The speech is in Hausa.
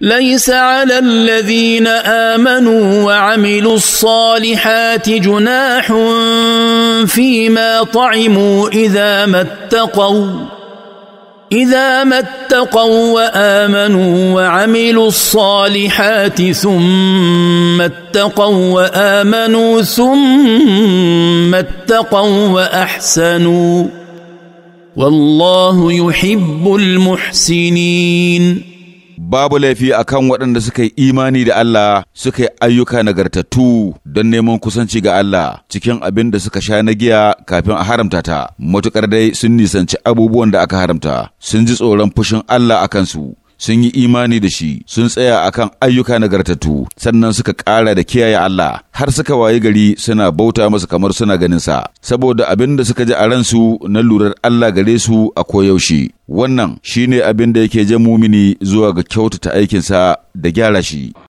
ليس على الذين امنوا وعملوا الصالحات جناح فيما طعموا اذا ما اتقوا اذا ما اتقوا وامنوا وعملوا الصالحات ثم اتقوا وامنوا ثم اتقوا واحسنوا والله يحب المحسنين babu laifi a kan waɗanda suka yi imani da Allah suka yi ayyuka nagartattu don neman kusanci ga Allah cikin abin da suka sha na giya kafin a haramta ta matuƙar dai sun nisanci abubuwan da aka haramta sun ji tsoron fushin Allah a kansu sun yi imani da shi sun tsaya akan ayyuka nagartattu sannan suka ƙara da kiyaye Allah har suka wayi gari suna bauta masa kamar suna ganin sa saboda abin da suka ji a ransu na lurar Allah gare su a koyaushe wannan shine abin da yake jan mumini zuwa ga kyautata aikinsa da gyara shi